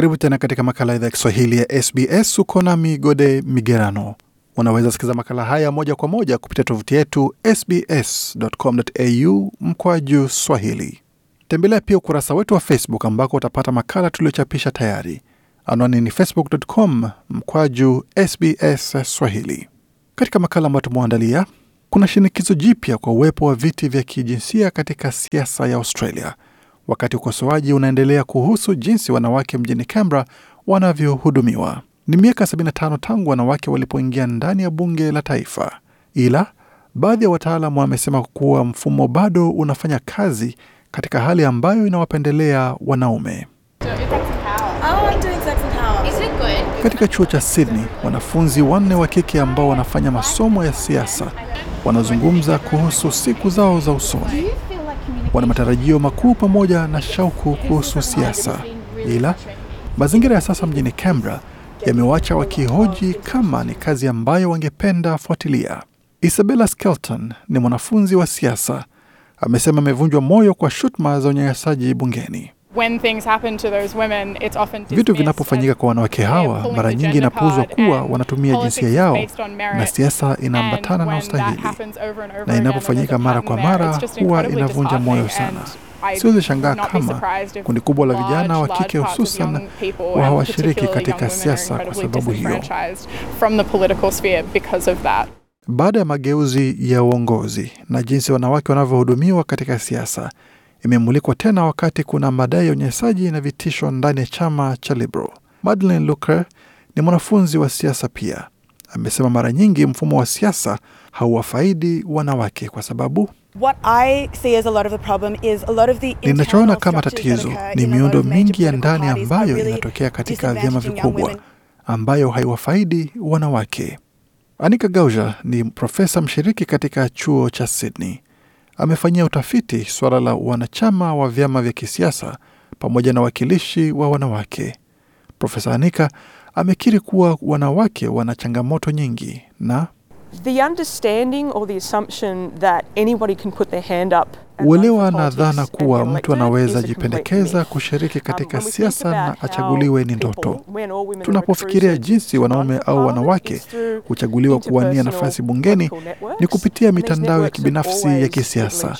Karibu tena katika makala idhaa ya Kiswahili ya SBS. Uko nami Gode Migerano. Unaweza sikiza makala haya moja kwa moja kupitia tovuti yetu sbs.com.au mkwaju swahili. Tembelea pia ukurasa wetu wa Facebook ambako utapata makala tuliochapisha tayari. Anwani ni facebook.com mkwaju sbs swahili. Katika makala ambayo tumeandalia, kuna shinikizo jipya kwa uwepo wa viti vya kijinsia katika siasa ya Australia wakati ukosoaji unaendelea kuhusu jinsi wanawake mjini Canberra wanavyohudumiwa. Ni miaka 75 tangu wanawake walipoingia ndani ya bunge la taifa, ila baadhi ya wataalamu wamesema kuwa mfumo bado unafanya kazi katika hali ambayo inawapendelea wanaume. Oh, katika chuo cha Sydney, wanafunzi wanne wa kike ambao wanafanya masomo ya siasa wanazungumza kuhusu siku zao za usoni wana matarajio makuu pamoja na shauku kuhusu siasa, ila mazingira ya sasa mjini Canberra yamewacha wakihoji kama ni kazi ambayo wangependa fuatilia. Isabella Skelton ni mwanafunzi wa siasa, amesema amevunjwa moyo kwa shutuma za unyanyasaji bungeni. Vitu vinapofanyika kwa wanawake hawa mara nyingi inapuuzwa kuwa wanatumia jinsia yao na siasa inaambatana na ustahili, na inapofanyika mara kwa mara huwa inavunja moyo sana. Siwezi shangaa kama kundi kubwa la vijana wa kike hususan wa hawashiriki katika siasa kwa sababu hiyo. Baada ya mageuzi ya uongozi na jinsi wanawake wanavyohudumiwa katika siasa imemulikwa tena wakati kuna madai ya unyenyesaji na vitisho ndani ya chama cha Liberal. madeline Luker ni mwanafunzi wa siasa pia. Amesema mara nyingi mfumo wa siasa hauwafaidi wanawake kwa sababu ninachoona kama tatizo ni miundo mingi ya ndani ambayo inatokea katika vyama vikubwa ambayo haiwafaidi wanawake. Anika Gauja ni profesa mshiriki katika chuo cha Sydney amefanyia utafiti suala la wanachama wa vyama vya kisiasa pamoja na wakilishi wa wanawake. Profesa Anika amekiri kuwa wanawake wana changamoto nyingi na The understanding or the assumption that anybody can put their hand up uelewa na dhana kuwa mtu anaweza jipendekeza kushiriki um, katika siasa na achaguliwe ni ndoto. Tunapofikiria jinsi wanaume au um, wanawake huchaguliwa kuwania nafasi bungeni ni kupitia mitandao ya kibinafsi ya kisiasa,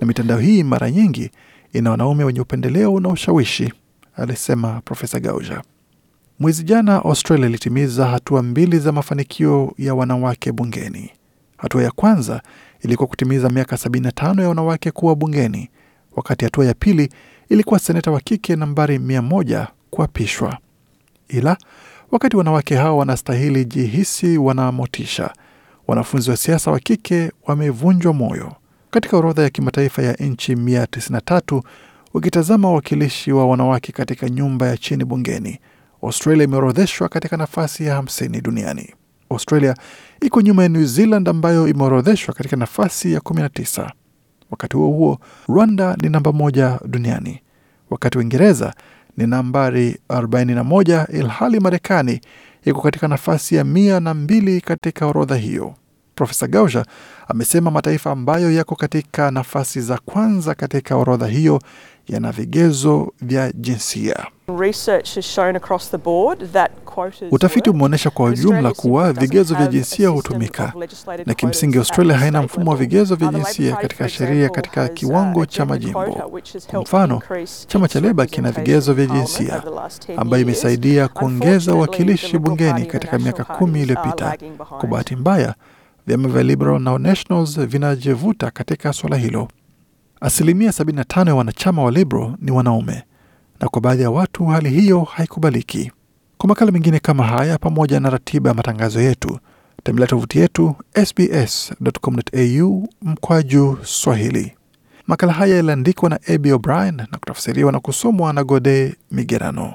na mitandao hii mara nyingi ina wanaume wenye upendeleo na ushawishi, alisema Profesa Gauja. Mwezi jana Australia ilitimiza hatua mbili za mafanikio ya wanawake bungeni. Hatua ya kwanza ilikuwa kutimiza miaka 75 ya wanawake kuwa bungeni, wakati hatua ya pili ilikuwa seneta wa kike nambari 100 kuapishwa. Ila wakati wanawake hao wanastahili jihisi wanamotisha, wanafunzi wa siasa wa kike wamevunjwa moyo. Katika orodha ya kimataifa ya nchi 193 ukitazama wawakilishi wa wanawake katika nyumba ya chini bungeni Australia imeorodheshwa katika nafasi ya 50 duniani. Australia iko nyuma ya New Zealand ambayo imeorodheshwa katika nafasi ya 19. Wakati huo huo, Rwanda ni namba moja duniani, wakati Uingereza ni nambari 41, ilhali Marekani iko katika nafasi ya mia na mbili katika orodha hiyo. Profesa Gausha amesema mataifa ambayo yako katika nafasi za kwanza katika orodha hiyo yana vigezo vya jinsia. Utafiti umeonyesha kwa ujumla kuwa vigezo vya jinsia hutumika, na kimsingi Australia haina mfumo wa vigezo vya jinsia katika sheria katika uh, kiwango cha majimbo. Kwa mfano, chama cha Leba kina vigezo vya jinsia ambayo imesaidia kuongeza uwakilishi bungeni katika miaka kumi iliyopita. Kwa bahati mbaya, vyama vya Liberal na Nationals vinajivuta katika suala hilo. Asilimia 75 ya wanachama wa Liberal ni wanaume na kwa baadhi ya watu hali hiyo haikubaliki. Kwa makala mengine kama haya, pamoja na ratiba ya matangazo yetu, tembelea tovuti yetu sbs.com.au mkwaju Swahili. Makala haya yaliandikwa na Abi O'Brien na kutafsiriwa na kusomwa na Gode Migerano.